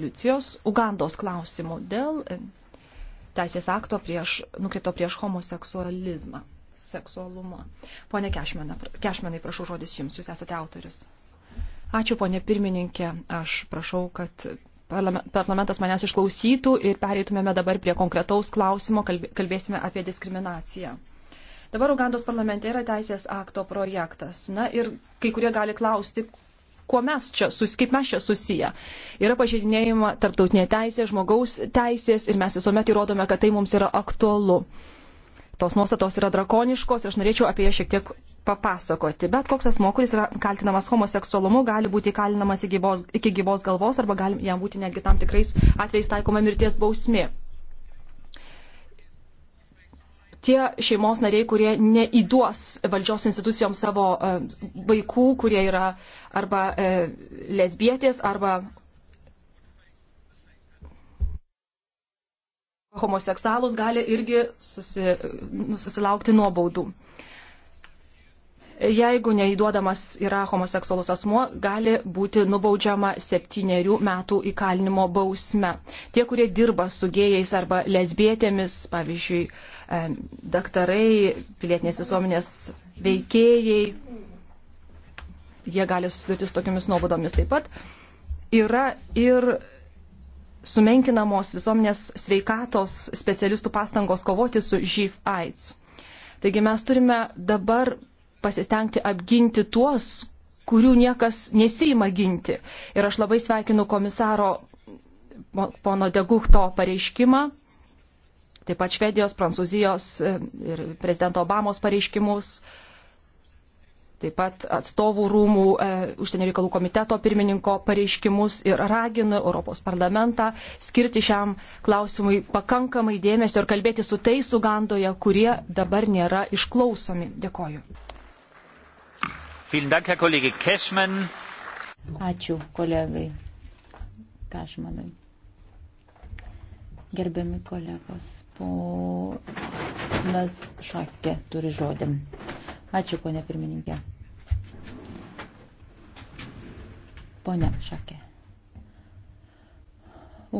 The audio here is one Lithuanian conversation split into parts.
rezoliucijos Ugandos klausimų dėl e, teisės akto prieš, nukrito prieš homoseksualizmą, seksualumą. Pone Kešmenai, Kešmenai, prašau žodis jums, jūs esate autoris. Ačiū, ponė pirmininkė, aš prašau, kad parlamentas manęs išklausytų ir pereitumėme dabar prie konkretaus klausimo, kalbėsime apie diskriminaciją. Dabar Ugandos parlamente yra teisės akto projektas. Na ir kai kurie gali klausti, kuo mes čia, sus, kaip mes čia susiję. Yra pažeidinėjama tarptautinė teisė, žmogaus teisės ir mes visuomet įrodome, kad tai mums yra aktualu. Tos nuostatos yra drakoniškos ir aš norėčiau apie jas šiek tiek papasakoti. Bet koks asmo, kuris yra kaltinamas homoseksualumu, gali būti kalinamas iki gyvos, iki gyvos galvos arba gali jam būti netgi tam tikrais atvejais taikoma mirties bausmė tie šeimos nariai, kurie neįduos valdžios institucijoms savo e, vaikų, kurie yra arba e, lesbietės, arba homoseksualus, gali irgi susi, nu, susilaukti nuobaudų. Jeigu neįduodamas yra homoseksualus asmo, gali būti nubaudžiama septyniarių metų įkalinimo bausme. Tie, kurie dirba su gėjais arba lesbietėmis, pavyzdžiui, daktarai, pilietinės visuomenės veikėjai, jie gali susidurti su tokiamis nuobodomis taip pat. Yra ir sumenkinamos visuomenės sveikatos specialistų pastangos kovoti su živ AIDS. Taigi mes turime dabar pasistengti apginti tuos, kurių niekas nesima ginti. Ir aš labai sveikinu komisaro pono Degukto pareiškimą, taip pat Švedijos, Prancūzijos e, ir prezidento Obamos pareiškimus, taip pat atstovų rūmų e, užsienio reikalų komiteto pirmininko pareiškimus ir raginu Europos parlamentą skirti šiam klausimui pakankamai dėmesio ir kalbėti su tais Ugandoje, kurie dabar nėra išklausomi. Dėkoju. Ačiū kolegai Kašmanui. Gerbiami kolegos, ponas Šakė turi žodį. Ačiū, ponė pirmininkė. Pone Šakė.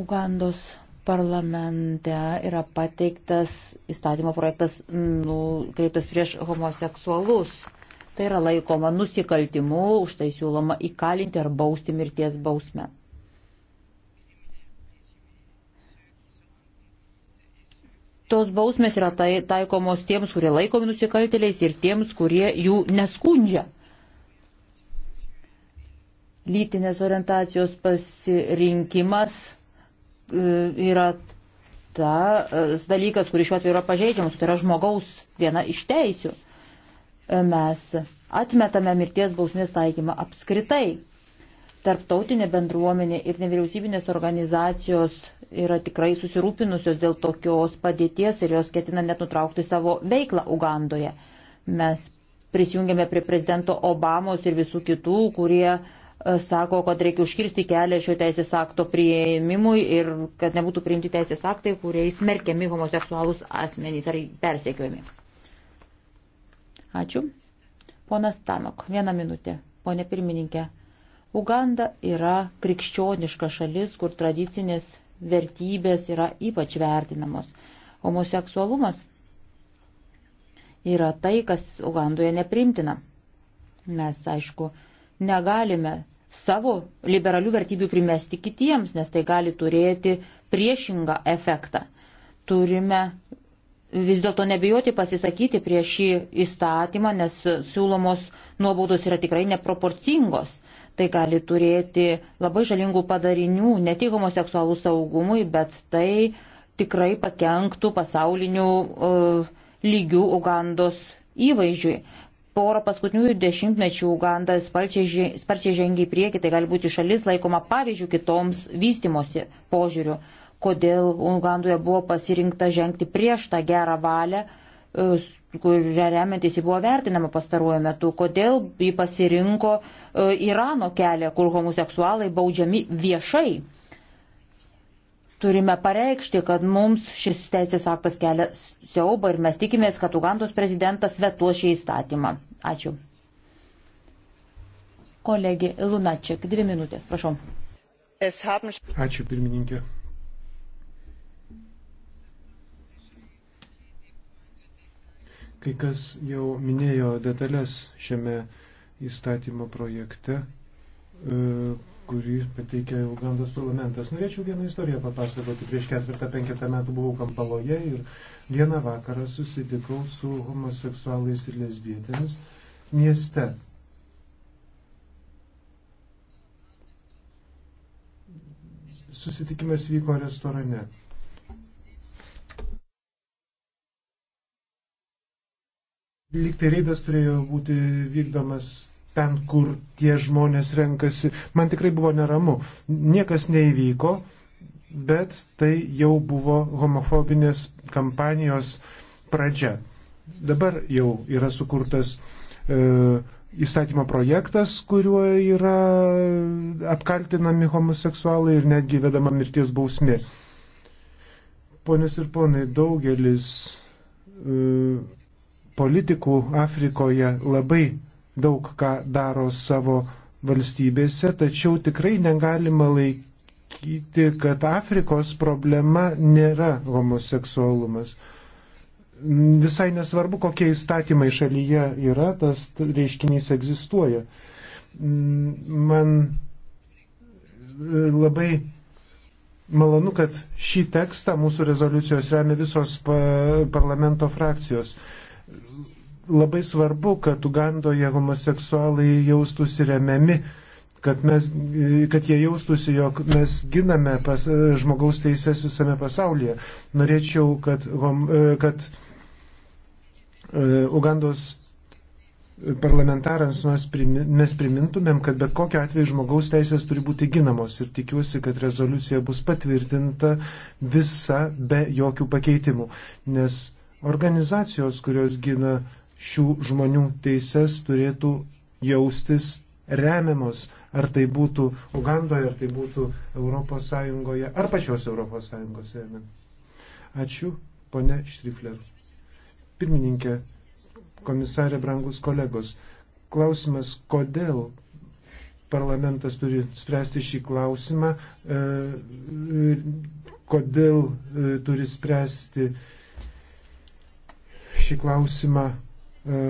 Ugandos parlamente yra pateiktas įstatymo projektas nukreiptas prieš homoseksualus Tai yra laikoma nusikaltimu, už tai siūloma įkalinti ar bausti mirties bausmę. Tos bausmės yra tai, taikomos tiems, kurie laikomi nusikaltėliais ir tiems, kurie jų neskundžia lytinės orientacijos pasirinkimas e, yra tas e, dalykas, kuris šiuo atveju yra pažeidžiamas, tai yra žmogaus viena iš teisių mes atmetame mirties bausmės taikymą apskritai. Tarptautinė bendruomenė ir nevyriausybinės organizacijos yra tikrai susirūpinusios dėl tokios padėties ir jos ketina net nutraukti savo veiklą Ugandoje. Mes prisijungėme prie prezidento Obamos ir visų kitų, kurie e, sako, kad reikia užkirsti kelią šio teisės akto prieimimui ir kad nebūtų priimti teisės aktai, kuriais smerkiami homoseksualus asmenys ar persiekiojami. Ačiū. Ponas Tanok, vieną minutę. Pone pirmininkė, Uganda yra krikščioniška šalis, kur tradicinės vertybės yra ypač vertinamos. Homoseksualumas yra tai, kas Ugandoje neprimtina. Mes, aišku, negalime savo liberalių vertybių primesti kitiems, nes tai gali turėti priešingą efektą. Turime vis dėlto nebijoti pasisakyti prieš šį įstatymą, nes siūlomos nuobaudos yra tikrai neproporcingos. Tai gali turėti labai žalingų padarinių ne tik homoseksualų saugumui, bet tai tikrai pakenktų pasaulinių uh, lygių Ugandos įvaizdžiui. Porą paskutiniųjų dešimtmečių Uganda sparčiai, sparčiai žengia į priekį, tai gali būti šalis laikoma pavyzdžių kitoms vystimosi požiūrių kodėl Ugandoje buvo pasirinkta žengti prieš tą gerą valią, e, kuria remiantis jį buvo vertinama pastaruoju metu, kodėl jį pasirinko e, Irano kelią, kur homoseksualai baudžiami viešai. Turime pareikšti, kad mums šis teisės aktas kelia siaubą ir mes tikimės, kad Ugandos prezidentas vetuo šį įstatymą. Ačiū. Kolegė Lunačiak, dvi minutės, prašau. Ačiū pirmininkė. Kai kas jau minėjo detalės šiame įstatymo projekte, e, kurį pateikė Ugandos parlamentas. Norėčiau vieną istoriją papasakoti. Prieš ketvirtą, penketą metų buvau Kampaloje ir vieną vakarą susitikau su homoseksualais ir lesbietėmis mieste. Susitikimas vyko restorane. Liktai reidas turėjo būti vykdomas ten, kur tie žmonės renkasi. Man tikrai buvo neramu. Niekas neįvyko, bet tai jau buvo homofobinės kampanijos pradžia. Dabar jau yra sukurtas e, įstatymo projektas, kuriuo yra apkaltinami homoseksualai ir netgi vedama mirties bausmė. Ponios ir ponai, daugelis e, politikų Afrikoje labai daug ką daro savo valstybėse, tačiau tikrai negalima laikyti, kad Afrikos problema nėra homoseksualumas. Visai nesvarbu, kokie įstatymai šalyje yra, tas reiškinys egzistuoja. Man labai malonu, kad šį tekstą mūsų rezoliucijos remia visos parlamento frakcijos. Labai svarbu, kad Ugandoje homoseksualai jaustųsi remiami, kad, mes, kad jie jaustųsi, jog mes giname pas, žmogaus teises visame pasaulyje. Norėčiau, kad, hom, kad e, Ugandos parlamentarams mes, primin, mes primintumėm, kad bet kokiu atveju žmogaus teisės turi būti ginamos ir tikiuosi, kad rezoliucija bus patvirtinta visa be jokių pakeitimų, nes Organizacijos, kurios gina šių žmonių teises, turėtų jaustis remiamos, ar tai būtų Ugandoje, ar tai būtų ES, ar pačios ES remiam. Ačiū, ponė Štrifler. Pirmininkė, komisarė, brangus kolegos, klausimas, kodėl parlamentas turi spręsti šį klausimą, e, kodėl e, turi spręsti šį klausimą e,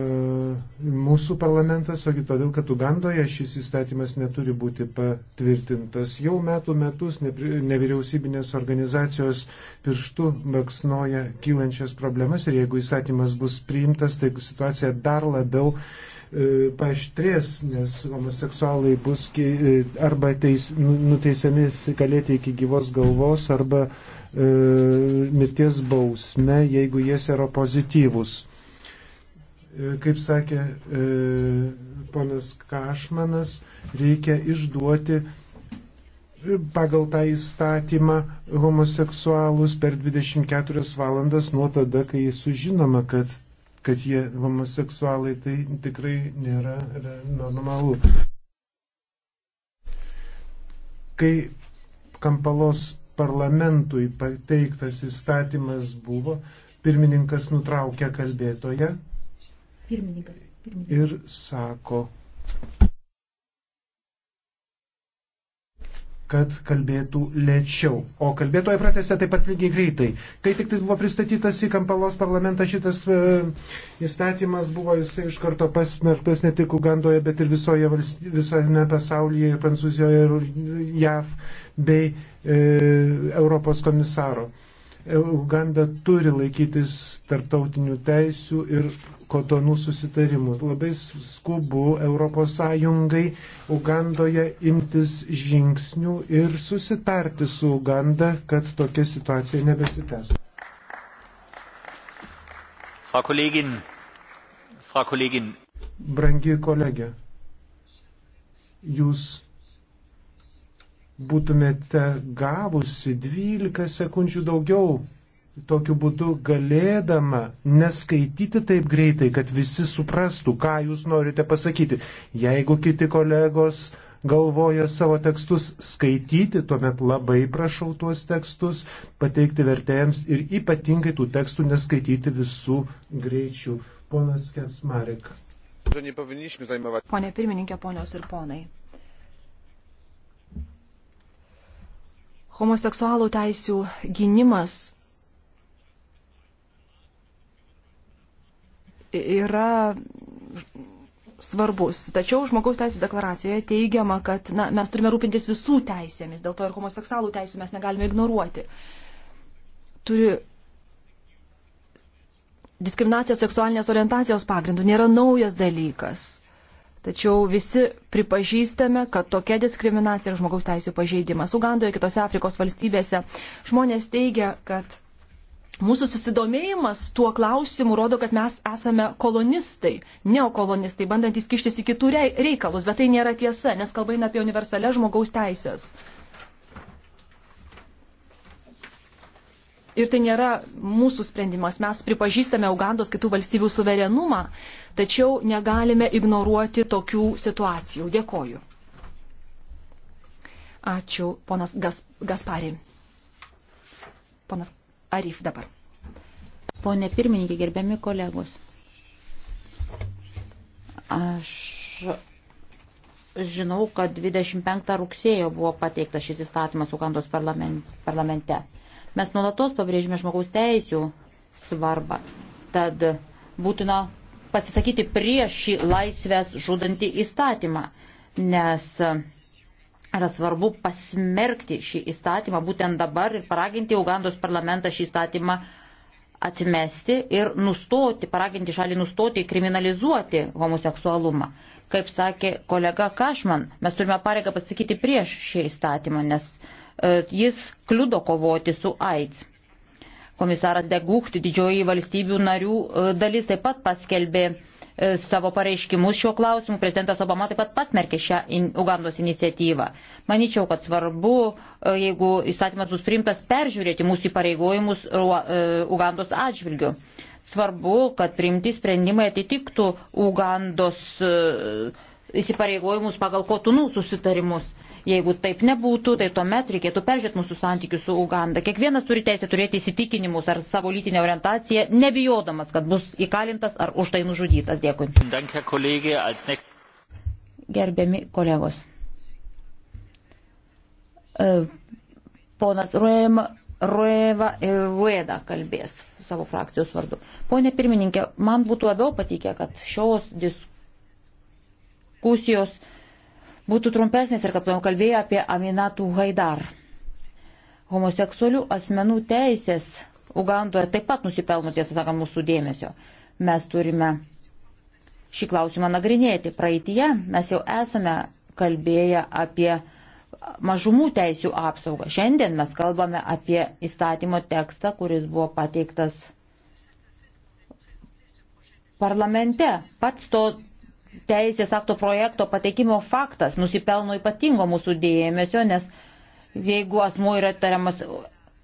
mūsų parlamentas, ogi todėl, kad Ugandoje šis įstatymas neturi būti patvirtintas. Jau metų metus nevyriausybinės organizacijos pirštų baksnoja kylančias problemas ir jeigu įstatymas bus priimtas, tai situacija dar labiau e, paštrės, nes homoseksualai bus arba teis, nu-, nuteisiami kalėti iki gyvos galvos, arba e, E, mirties bausme, jeigu jie yra pozityvus. E, kaip sakė e, ponas Kašmanas, reikia išduoti pagal tą įstatymą homoseksualus per 24 valandas nuo tada, kai sužinoma, kad, kad jie homoseksualai, tai tikrai nėra normalu. Kai Kampalos parlamentui pateiktas įstatymas buvo, pirmininkas nutraukė kalbėtoje pirmininkas, pirmininkas. ir sako, kad kalbėtų lėčiau. O kalbėtojai pratėse taip pat lygiai greitai. Kai tik jis buvo pristatytas į Kampalos parlamentą, šitas e, įstatymas buvo jisai iš karto pasmerktas ne tik Ugandoje, bet ir visoje visame pasaulyje, ir Prancūzijoje, ir JAV, bei e, Europos komisaro. Uganda turi laikytis tarptautinių teisių ir kotonų susitarimų. Labai skubu ES Ugandoje imtis žingsnių ir susitarti su Uganda, kad tokia situacija nebesitęstų. Frau Kollegin, Frau Kollegin. Brangi kolegė, jūs būtumėte gavusi 12 sekundžių daugiau, tokiu būdu galėdama neskaityti taip greitai, kad visi suprastų, ką jūs norite pasakyti. Jeigu kiti kolegos galvoja savo tekstus skaityti, tuomet labai prašau tuos tekstus pateikti vertėjams ir ypatingai tų tekstų neskaityti visų greičių. Ponas Kensmarek. Pone pirmininkė, ponios ir ponai. Homoseksualų teisių gynimas yra svarbus. Tačiau žmogaus teisų deklaracijoje teigiama, kad na, mes turime rūpintis visų teisėmis, dėl to ir homoseksualų teisų mes negalime ignoruoti. Turi diskriminacija seksualinės orientacijos pagrindų nėra naujas dalykas. Tačiau visi pripažįstame, kad tokia diskriminacija yra žmogaus teisų pažeidimas. Ugandoje, kitose Afrikos valstybėse žmonės teigia, kad mūsų susidomėjimas tuo klausimu rodo, kad mes esame kolonistai, neokolonistai, bandantys kištis į kitų reikalus, bet tai nėra tiesa, nes kalba eina apie universalias žmogaus teisės. Ir tai nėra mūsų sprendimas. Mes pripažįstame Ugandos kitų valstybių suverenumą, tačiau negalime ignoruoti tokių situacijų. Dėkoju. Ačiū, ponas Gas, Gaspari. Ponas Arif dabar. Pone pirmininkė, gerbiami kolegos. Aš žinau, kad 25 rugsėjo buvo pateiktas šis įstatymas Ugandos parlamente. Mes nuolatos pabrėžime žmogaus teisų svarbą. Tad būtina pasisakyti prieš šį laisvės žudantį įstatymą, nes yra svarbu pasmerkti šį įstatymą būtent dabar ir paraginti Ugandos parlamentą šį įstatymą atmesti ir nustoti, paraginti šalį nustoti kriminalizuoti homoseksualumą. Kaip sakė kolega Kašman, mes turime pareigą pasakyti prieš šį įstatymą, nes uh, E, jis kliudo kovoti su AIDS. Komisaras Degucht, didžioji valstybių narių e, dalis taip pat paskelbė e, savo pareiškimus šiuo klausimu. Prezidentas Obama taip pat pasmerkė šią in, Ugandos iniciatyvą. Maničiau, kad svarbu, jeigu įstatymas bus priimtas, peržiūrėti mūsų įpareigojimus Ugandos atžvilgiu. Svarbu, kad priimti sprendimai atitiktų Ugandos įsipareigojimus pagal kotunų susitarimus. Jeigu taip nebūtų, tai tuomet reikėtų peržiūrėti mūsų santykius su Uganda. Kiekvienas turi teisę turėti įsitikinimus ar savo lytinę orientaciją, nebijodamas, kad bus įkalintas ar už tai nužudytas. Dėkui. Gerbiami kolegos. E, ponas Ruema Rueva ir Rueda kalbės savo frakcijos vardu. Pone pirmininkė, man būtų labiau patikę, kad šios diskusijos būtų trumpesnis ir kad būtum kalbėję apie Aminatų Haidar. Homoseksualių asmenų teisės Ugandoje taip pat nusipelno, tiesą sakant, mūsų dėmesio. Mes turime šį klausimą nagrinėti. Praeitie mes jau esame kalbėję apie mažumų teisių apsaugą. Šiandien mes kalbame apie įstatymo tekstą, kuris buvo pateiktas parlamente. Pats to teisės akto projekto pateikimo faktas nusipelno ypatingo mūsų dėmesio, nes jeigu asmuo yra tariamas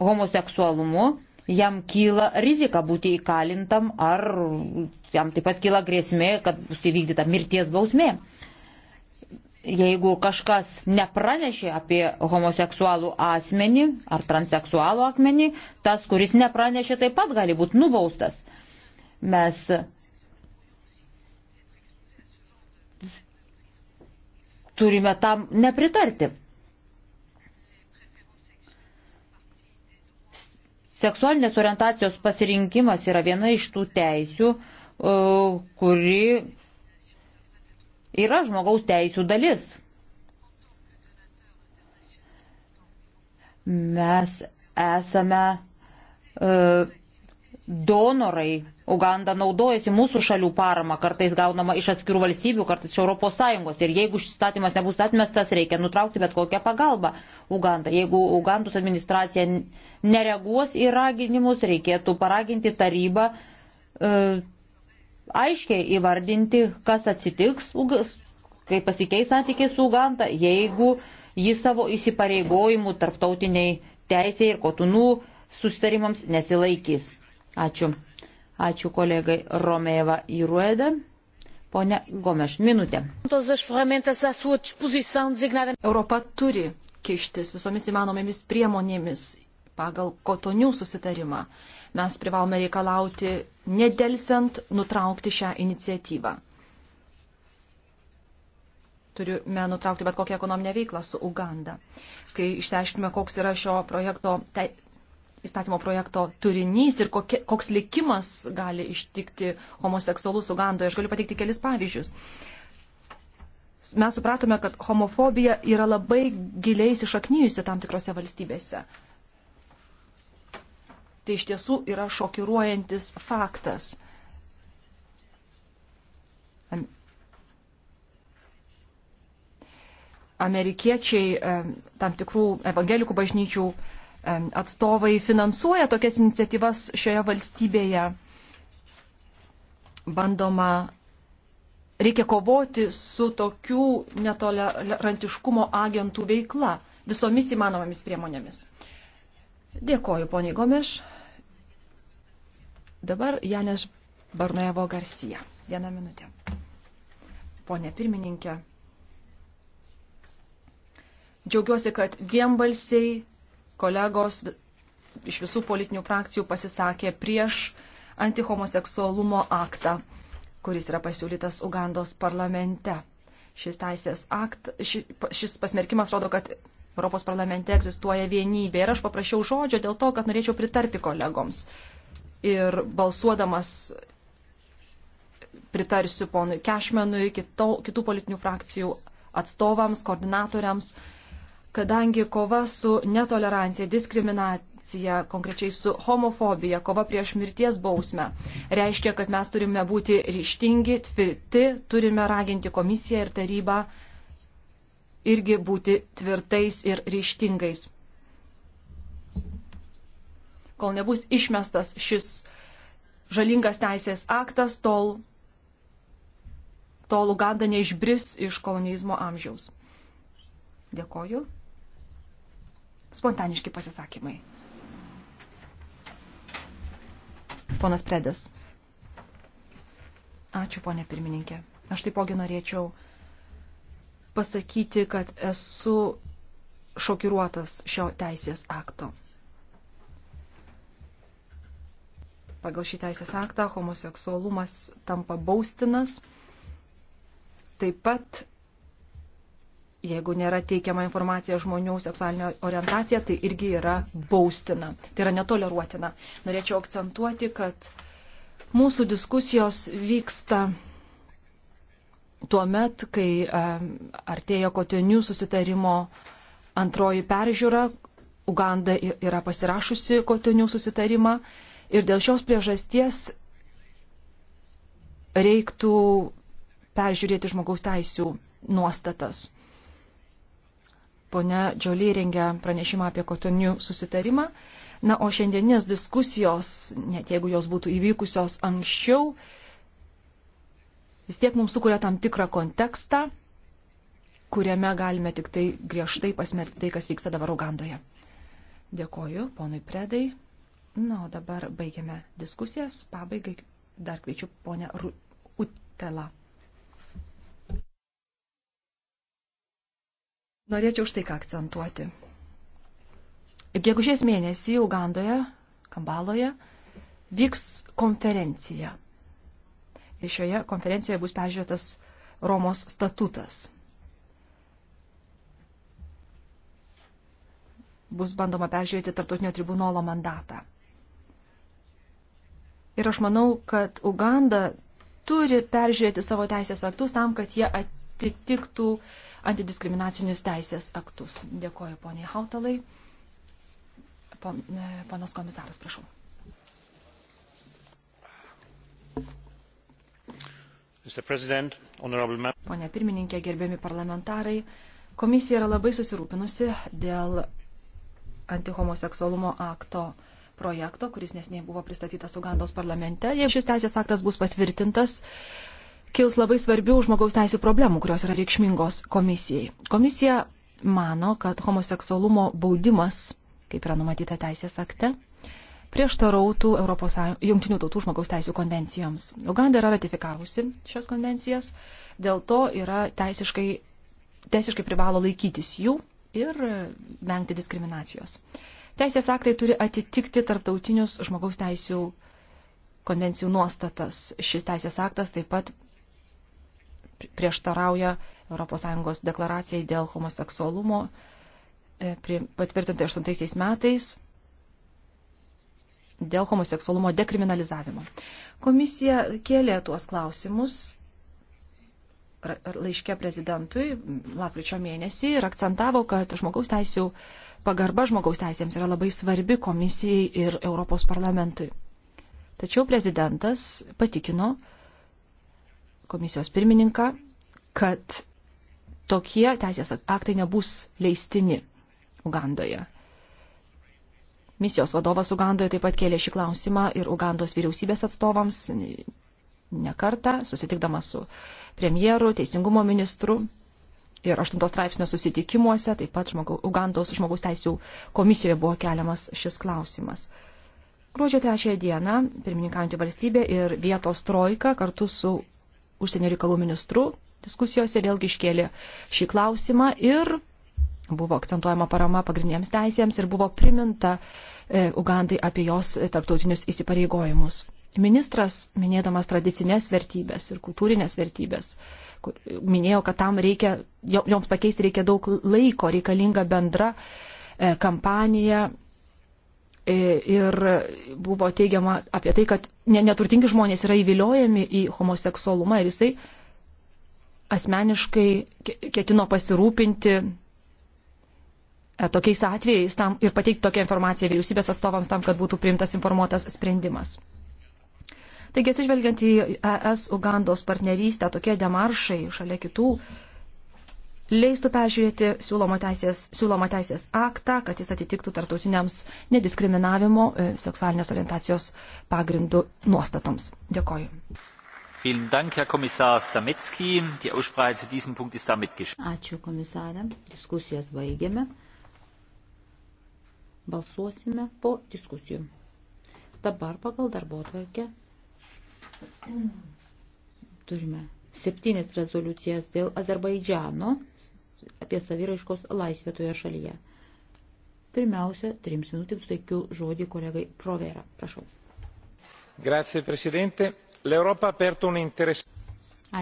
homoseksualumu, jam kyla rizika būti įkalintam ar jam taip pat kyla grėsmė, kad bus įvykdyta mirties bausmė. Jeigu kažkas nepranešė apie homoseksualų asmenį ar transseksualų akmenį, tas, kuris nepranešė, taip pat gali būti nubaustas. Mes turime tam nepritarti. Seksualinės orientacijos pasirinkimas yra viena iš tų teisių, e, kuri yra žmogaus teisų dalis. Mes esame uh, donorai Uganda naudojasi mūsų šalių parama, kartais gaunama iš atskirų valstybių, kartais iš ES. Ir jeigu šis statymas nebus atmestas, reikia nutraukti bet kokią pagalbą Uganda. Jeigu Ugandos administracija nereaguos į raginimus, reikėtų paraginti tarybą e, aiškiai įvardinti, kas atsitiks, kai pasikeis santykiai su Uganda, jeigu jis savo įsipareigojimų tarptautiniai teisėjai ir kotunų susitarimams nesilaikys. Ačiū. Ačiū kolegai Romeva Irueda. Pone Gomeš, minutė. Europa turi kištis visomis įmanomėmis priemonėmis pagal kotonių susitarimą. Mes privalome reikalauti nedelsiant nutraukti šią iniciatyvą. Turime nutraukti bet kokią ekonominę veiklą su Uganda. Kai išsiaiškime, koks yra šio projekto įstatymo projekto turinys ir kokie, koks likimas gali ištikti homoseksualus Ugandoje. Aš galiu pateikti kelis pavyzdžius. Mes supratome, kad homofobija yra labai giliai įsišaknyjusi tam tikrose valstybėse. Tai iš tiesų yra šokiruojantis faktas. Amerikiečiai e, tam tikrų evangelikų bažnyčių atstovai finansuoja tokias iniciatyvas šioje valstybėje. Bandoma, reikia kovoti su tokių netolerantiškumo agentų veikla visomis įmanomomis priemonėmis. Dėkoju, poniai Gomeš. Dabar Janeš Barnaevo Garcija. Vieną minutę. Pone pirmininkė, džiaugiuosi, kad vienbalsiai kolegos iš visų politinių frakcijų pasisakė prieš antihomoseksualumo aktą, kuris yra pasiūlytas Ugandos parlamente. Šis teisės akt, šis pasmerkimas rodo, kad Europos parlamente egzistuoja vienybė ir aš paprašiau žodžio dėl to, kad norėčiau pritarti kolegoms. Ir balsuodamas pritarsiu ponui Kešmenui, kitų politinių frakcijų atstovams, koordinatoriams, kadangi kova su netolerancija, diskriminacija, konkrečiai su homofobija, kova prieš mirties bausmę, reiškia, kad mes turime būti ryštingi, tvirti, turime raginti komisiją ir tarybą irgi būti tvirtais ir ryštingais. Kol nebus išmestas šis žalingas teisės aktas, tol, tol Uganda neišbris iš kolonizmo amžiaus. Dėkoju spontaniški pasisakymai. Ponas Predas. Ačiū, ponė pirmininkė. Aš taipogi norėčiau pasakyti, kad esu šokiruotas šio teisės akto. Pagal šį teisės aktą homoseksualumas tampa baustinas. Taip pat jeigu nėra teikiama informacija žmonių seksualinė orientacija, tai irgi yra baustina, tai yra netoleruotina. Norėčiau akcentuoti, kad mūsų diskusijos vyksta tuo met, kai e, artėja kotinių susitarimo antroji peržiūra, Uganda yra pasirašusi kotinių susitarimą ir dėl šios priežasties reiktų peržiūrėti žmogaus teisų nuostatas ponia Džiolį rengia pranešimą apie kotonių susitarimą. Na, o šiandienės diskusijos, net jeigu jos būtų įvykusios anksčiau, vis tiek mums sukuria tam tikrą kontekstą, kuriame galime tik tai griežtai pasmerkti tai, kas vyksta dabar Ugandoje. Dėkoju ponui Predai. Na, o dabar baigiame diskusijas. Pabaigai dar kviečiu ponę Utelą. Norėčiau štai ką akcentuoti. Gegužės mėnesį Ugandoje, Kambaloje, vyks konferencija. Ir šioje konferencijoje bus peržiūrėtas Romos statutas. Bus bandoma peržiūrėti tarptautinio tribunolo mandatą. Ir aš manau, kad Uganda turi peržiūrėti savo teisės aktus tam, kad jie atitiktų antidiskriminacinius teisės aktus. Dėkoju poniai Hautalai. Pon, e, ponas komisaras, prašau. Pone pirmininkė, gerbiami parlamentarai, komisija yra labai susirūpinusi dėl antihomoseksualumo akto projekto, kuris nesiniai buvo pristatytas Ugandos parlamente. Jei šis teisės aktas bus patvirtintas, kils labai svarbių žmogaus teisų problemų, kurios yra reikšmingos komisijai. Komisija mano, kad homoseksualumo baudimas, kaip yra numatyta teisės akte, prieštarautų Junktinių tautų žmogaus teisų konvencijoms. Uganda yra ratifikavusi šios konvencijas, dėl to yra teisiškai, teisiškai privalo laikytis jų ir vengti diskriminacijos. Teisės aktai turi atitikti tarptautinius žmogaus teisų konvencijų nuostatas. Šis teisės aktas taip pat prieštarauja ES deklaracijai dėl homoseksualumo e, patvirtintai 8 metais dėl homoseksualumo dekriminalizavimo. Komisija kėlė tuos klausimus laiškė prezidentui lapkričio mėnesį ir akcentavo, kad žmogaus teisų pagarba žmogaus teisėms yra labai svarbi komisijai ir Europos parlamentui. Tačiau prezidentas patikino, komisijos pirmininką, kad tokie teisės aktai nebus leistini Ugandoje. Misijos vadovas Ugandoje taip pat kėlė šį klausimą ir Ugandos vyriausybės atstovams nekartą, susitikdamas su premjeru, teisingumo ministru ir 8 straipsnio susitikimuose, taip pat žmogu, Ugandos žmogaus teisų komisijoje buvo keliamas šis klausimas. Gruodžio 3 dieną pirmininkaujantį valstybę ir vietos trojką kartu su užsienio reikalų ministru diskusijose vėlgi iškėlė šį klausimą ir buvo akcentuojama parama pagrindiniams teisėms ir buvo priminta e, Ugandai apie jos tarptautinius įsipareigojimus. Ministras, minėdamas tradicinės vertybės ir kultūrinės vertybės, kur, minėjo, kad tam reikia, joms pakeisti reikia daug laiko, reikalinga bendra e, kampanija, ir buvo teigiama apie tai, kad neturtingi žmonės yra įviliojami į homoseksualumą ir jisai asmeniškai ketino pasirūpinti e, tokiais atvejais tam ir pateikti tokią informaciją vyriausybės atstovams tam, kad būtų priimtas informuotas sprendimas. Taigi, atsižvelgiant į ES Ugandos partnerystę, tokie demaršai šalia kitų leistų peržiūrėti siūlomą teisės, siūlomą teisės aktą, kad jis atitiktų tartautiniams nediskriminavimo e, seksualinės orientacijos pagrindų nuostatoms. Dėkoju. Ačiū komisarė. Diskusijas baigėme. Balsuosime po diskusijų. Dabar pagal darbo atvarkę turime septynis rezoliucijas dėl Azerbaidžiano apie saviraiškos laisvę toje šalyje. Pirmiausia, trims minutėms teikiu žodį kolegai Provera. Prašau. Grazie, Presidente. L'Europa ha aperto un interesse.